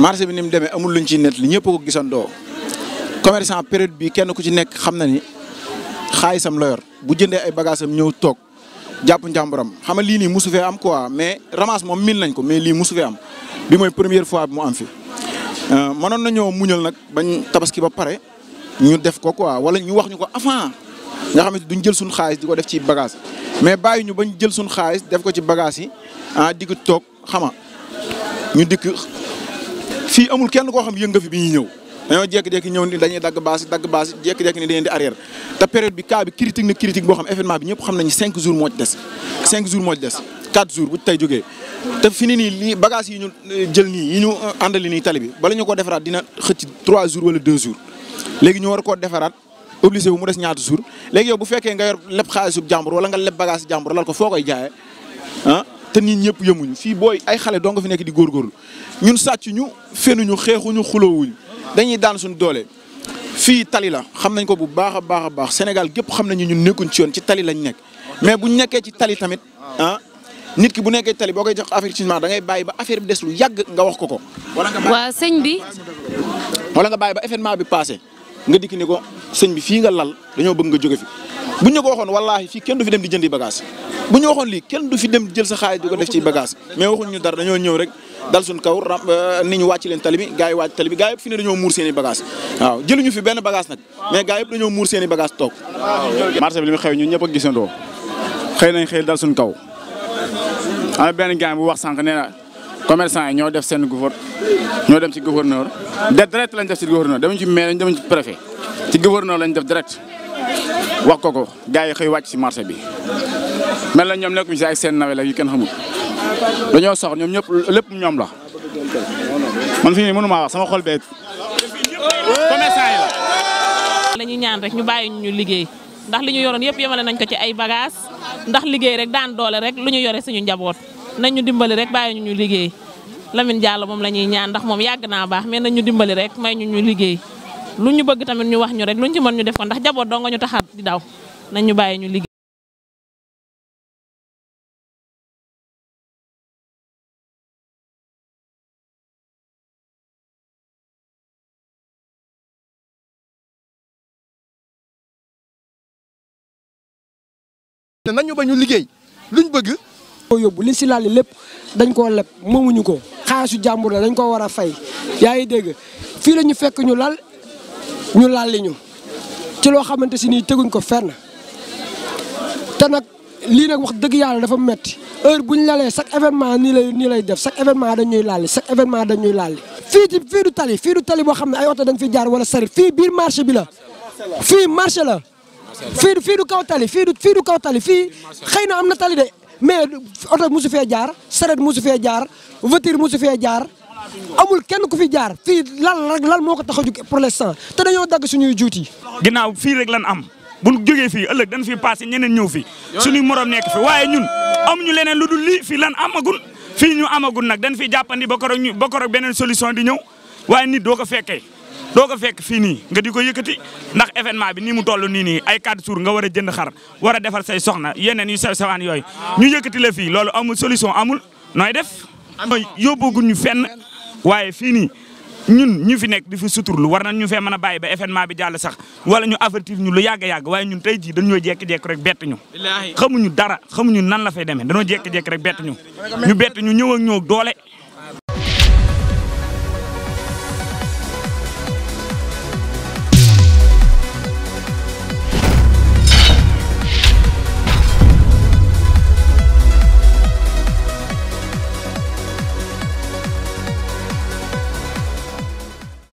marché bi ni mu demee amul luñ ciy net li ñëpp ko gisandoo commerçant période bi kenn ku ci nekk xam na ni xaalisam la yor bu jëndee ay bagages am ñëw toog jàpp njàmburam xam nga lii nii musu fee am quoi mais ramasse miin nañ ko mais lii musu fee am bi mooy première fois bi mu am fi. Euh, mënoon nañoo muñal nag bañ tabaski ba pare ñu def ko quoi wala ñu wax ñu ko avant nga xamante duñ jël suñ xaalis di ko def ci bagas mais bàyyi ñu bañ jël suñ xaalis def ko ci bagage yi ah di toog xama ñu dikk fii amul kenn koo xam yëg nga fi bi ñuy ñëw dañoo jékki-jékki ñëw ni dañuy dagg baas dagg baas jékki-jékki ni dañuy di arrière te période bi cas bi critique na critique boo xam événement bi ñëpp xam nañu cinq jours moo des cinq jours bu tey jógee te fi ni nii lii yi ñu euh, jël nii yi ñu euh, àndali nii tali bi bala ñu ko defaraat dina xëcc trois jours wala deux jours léegi ñu war koo defaraat obligé bu mu des ñaata jours léegi yow bu fekkee nga yor leb xaalisub jàmbur wala nga leb bagage jàmbur lal ko foo koy ah te nit ñëpp yemuñu fii booy ay xale doo fi nekk di góorgóorlu ñun sàcc ñu fenuñu xeexuñu xuloowuñu dañuy daan suñu doole fii tali la xam nañ ko bu baax a baax a baax Sénégal gépp xam nañu ñun nekkuñ ci yoon ci tali lañ nekk mais bu nekkee ci tali tamit ah nit ki bu nekkee tali boo koy jox avertissement da ngay bàyyi ba affaire bi des lu yàgg nga wax ko ko. waa sëñ bi. wala nga bàyyi ba événement bi passé nga dikk ni ko sëñ bi fii nga lal dañoo bëgg nga jóge fi. bu ñu ko waxoon wallaahi fii kenn du fi dem di jëndi bagage bu ñu waxoon lii kenn du fi dem jël sa xaalis di def ci bagage mais waxuñ dara dañoo ñëw rek dal suñ kaw euh, ni ñu wàcc leen tali bi gars yi wàcc tali bi gars yëpp fi ne dañoo muur seen i waaw jëluñu fi benn bagage nag mais gars yëpp dañoo muur seen i bagage toog marché bi li mu xew ñun ñëpp a gisandoo xëy nañ xëy dal suñ kaw am benn gars bu wax sànq nee na commerçant ñoo def seen gouverneur ñoo dem ci gouverneur de direct lañ def ci gouverneur demuñ ci maire demuñ ci préfet ci gouverneur lañ def direct wax ko ko gars yi xëy wàcc si marché bi mel na ñoom nekkuñ si ak seen nawe la yu kenn xamul dañoo sox ñoom ñëpp lépp ñoom la man fi nii mënu maa wax sama ñu rek ñu bàyyi ñu liggéey ndax li ñu yoroon yëpp yemale nañ ko ci ay bagage ndax liggéey rek daan doole rek lu ñu yore suñu njaboot nañ ñu dimbali rek bàyyi ñu liggéey Lamine Diallo moom la ñuy ñaan ndax moom yàgg naa baax mais nañ ñu dimbali rek may ñu ñu liggéey lu ñu bëgg tamit ñu wax ñu rek luñ ci mën ñu def ko ndax jabo do nga ñu taxat di daw nañ ñu bàyyi ñu liggéey nañu bañu liggéey luñ bëgg. ko yobbu li ci laal lepp dañ ko lepp momuñu ko xaasu jàmbur la dañ ko wara fay yaay dégg fi lañu fekk ñu lal ñu lalli ñu ci loo xamante si nii teguñ ko fenn te nag lii nag wax dëgg yàlla dafa metti heure bu ñu lalee chaque événement nii lay nii lay def chaque événement dañuy laal chaque événement dañuy lalli fii ci fii du tali fii du tali boo xam ne ay oto dañ fi jaar wala sari fii biir marché bi la fii marché la fii du kaw tali fii du kaw tali fii xëy na am na tali de mais oto musu fee jaar saret mosu fee jaar voiture musu fee jaar amul kenn ku fi jaar fi lal rek lal moko taxaw tax a jug pour l'instant te dañu dag suñu juuti. ginaaw fi rek lan am bu joge fi fii dañ fi passé ñeneen ñew fi suñu morom nekk fi waye ñun amuñu leneen lu dul lii fi lan amagul fi ñu amagul nak dañ fi jappandi ba koroog ñu ba koroog benen solution di ñew waye nit doo ko fekkee doo ko fekk fi ni nga diko yëkëti ndax événement bi ni mu tollu ni ni ay quatre jours nga wara jënd xar wara défar say soxna yeneen yu sew sewaan yoy ñu yëkëti le fi loolu amul solution amul noy def yobu fenn waaye fii nii ñun ñu fi nekk di fi suturlu war nañ ñu fee mën a bàyyi ba événement bi jàll sax wala ñu avertir ñu lu yàgg yàgg waaye ñun tey jii dañoo jékki-jékki rek bett ñu xamuñu dara xamuñu nan la fay demee dañoo jékki-jékki rek bett ñu ñu bett ñu ñëw ak doole